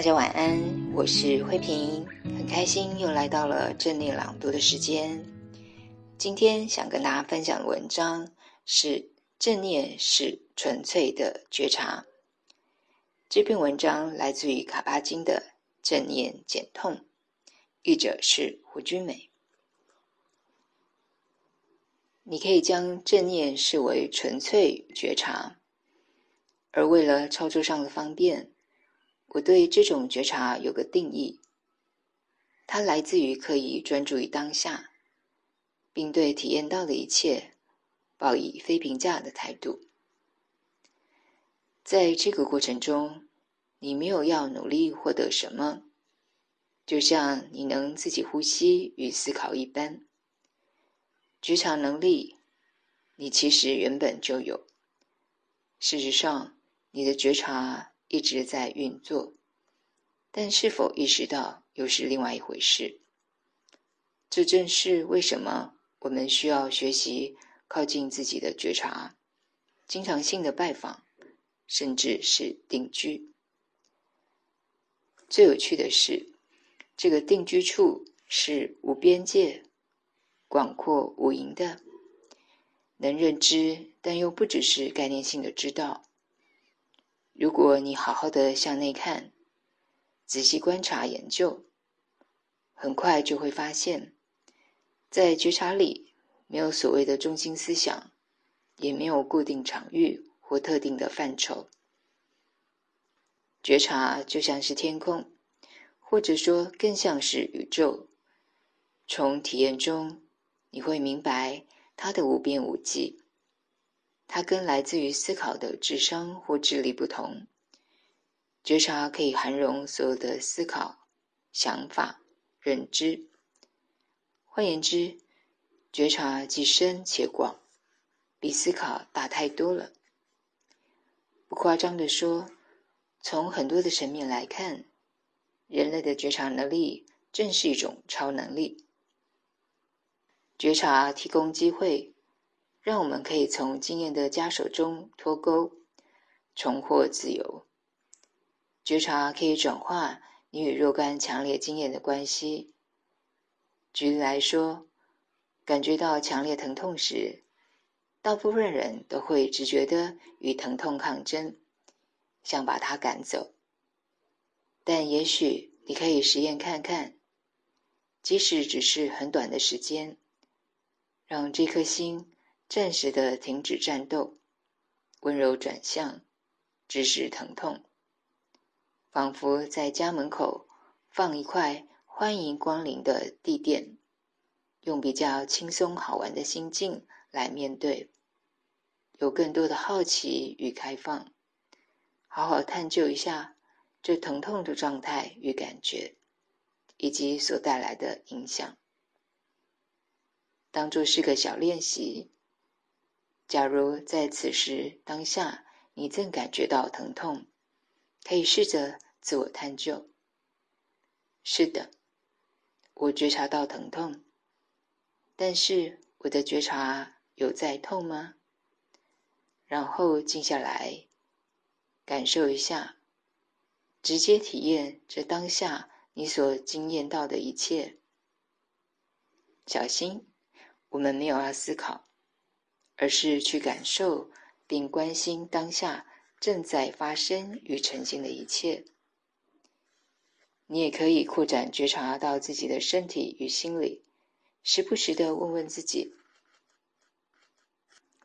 大家晚安，我是慧萍，很開心又來到了正念朗讀的時間。今天想跟大家分享的文章是《正念是純粹的覺察》。這篇文章來自於卡巴金的《正念減痛》，譯者是胡君美。你可以將正念視為純粹覺察，而為了操作上的方便，我對這種覺察有個定義，它來自於可以專注於當下，並對體驗到的一切抱以非評價的態度。在這個過程中，你沒有要努力獲得什麼，就像你能自己呼吸與思考一般。覺察能力，你其實原本就有。事實上，你的覺察一直在運作，但是否意識到又是另外一回事。這正是為什麼我們需要學習靠近自己的覺察，經常性的拜訪，甚至是定居。最有趣的是，這個定居處是無邊界、廣闊無垠的，能認知，但又不只是概念性的知道。如果你好好的向內看，仔細觀察研究，很快就會發現，在覺察裡沒有所謂的中心思想，也沒有固定場域或特定的範疇。覺察就像是天空，或者說更像是宇宙。從體驗中，你會明白它的無邊無際。它跟來自於思考的智商或智力不同，覺察可以涵容所有的思考、想法、認知。換言之，覺察既深且廣，比思考大太多了。不誇張地說，從很多的層面來看，人類的覺察能力正是一種超能力。覺察提供機會。讓我們可以從經驗的枷鎖中脫鈎，重獲自由。覺察可以轉化你與若干強烈經驗的關係。舉例來說，感覺到強烈疼痛時，大部分人都會直覺地與疼痛抗爭，想把它趕走。但也許你可以實驗看看，即使只是很短的時間，讓這顆心。暫時的停止戰鬥，溫柔轉向，直視疼痛，仿佛在家門口放一塊歡迎光臨的地墊，用比較輕鬆好玩的心境來面對，有更多的好奇與開放，好好探究一下這疼痛的狀態與感覺，以及所帶來的影響，當作是個小練習。假如在此時當下，你正感覺到疼痛，可以試着自我探究。是的，我覺察到疼痛，但是我的覺察有在痛嗎？然後靜下來，感受一下，直接體驗這當下你所經驗到的一切。小心，我們沒有要思考。而是去感受並關心當下正在發生與沉浸的一切。你也可以擴展覺察到自己的身體與心理，時不時的問問自己：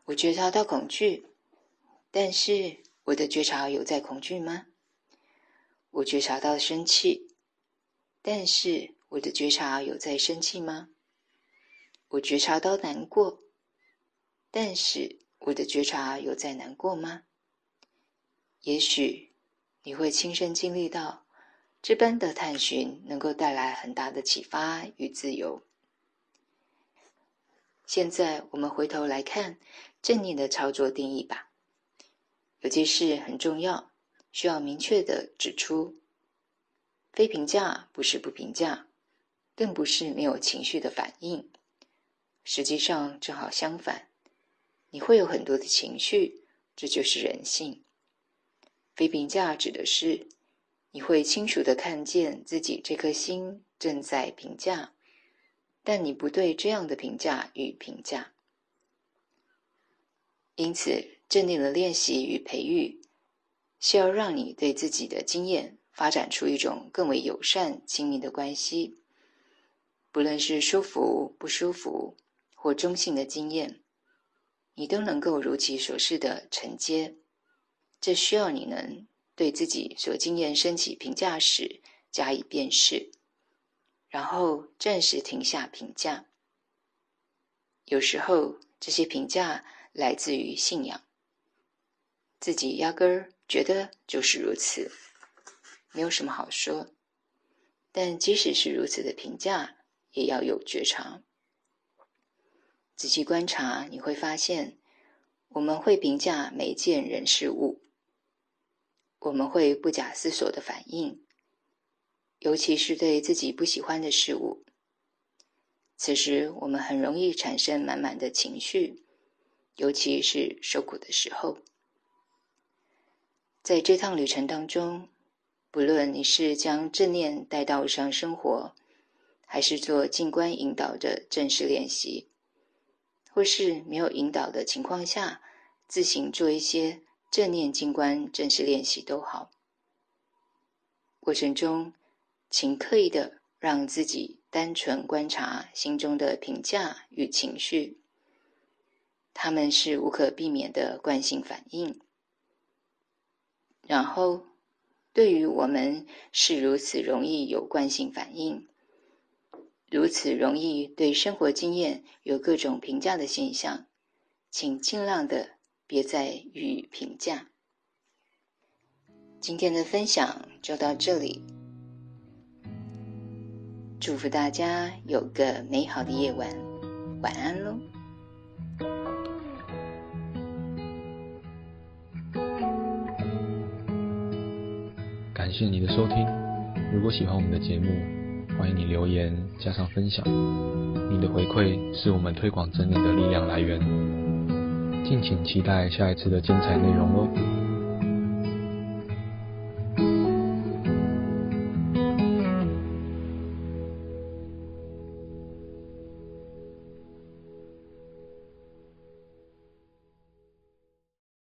我覺察到恐懼，但是我的覺察有在恐懼嗎？我覺察到生氣，但是我的覺察有在生氣嗎？我覺察到難過。但是我的覺察有在難過嗎？也許你會親身經歷到，這般的探尋能夠帶來很大的啟發與自由。現在我們回頭來看正念的操作定義吧。有件事很重要，需要明確的指出：非評價不是不評價，更不是沒有情緒的反應。實際上正好相反。你會有很多的情緒，這就是人性。非評價指的是，你會清楚的看見自己這顆心正在評價，但你不對這樣的評價與評價。因此，正念的練習與培育，需要讓你對自己的經驗發展出一種更為友善、親密的關係，不論是舒服、不舒服或中性的經驗。你都能夠如其所是的承接，這需要你能對自己所經驗升起評價時加以辨識，然後暫時停下評價。有時候這些評價來自於信仰，自己壓根兒覺得就是如此，沒有什麼好說。但即使是如此的評價，也要有覺察。仔細觀察，你會發現，我們會評價每件人事物，我們會不假思索的反應，尤其是對自己不喜歡的事物。此時，我們很容易產生滿滿的情緒，尤其是受苦的時候。在這趟旅程當中，不論你是將正念帶到日常生活，還是做靜觀引導的正式練習。或是沒有引導的情況下，自行做一些正念靜觀正式練習都好。過程中，請刻意的讓自己單純觀察心中的評價與情緒，它們是無可避免的慣性反應。然後，對於我們是如此容易有慣性反應，如此容易對生活經驗有各種評價的現象，請儘量的別再予評價。今天的分享就到這裡，祝福大家有個美好的夜晚，晚安嘍！感謝你的收聽，如果喜歡我們的節目。歡迎你留言，加上分享，你的回饋是我們推廣正念的力量來源。敬請期待下一次的精彩內容哦。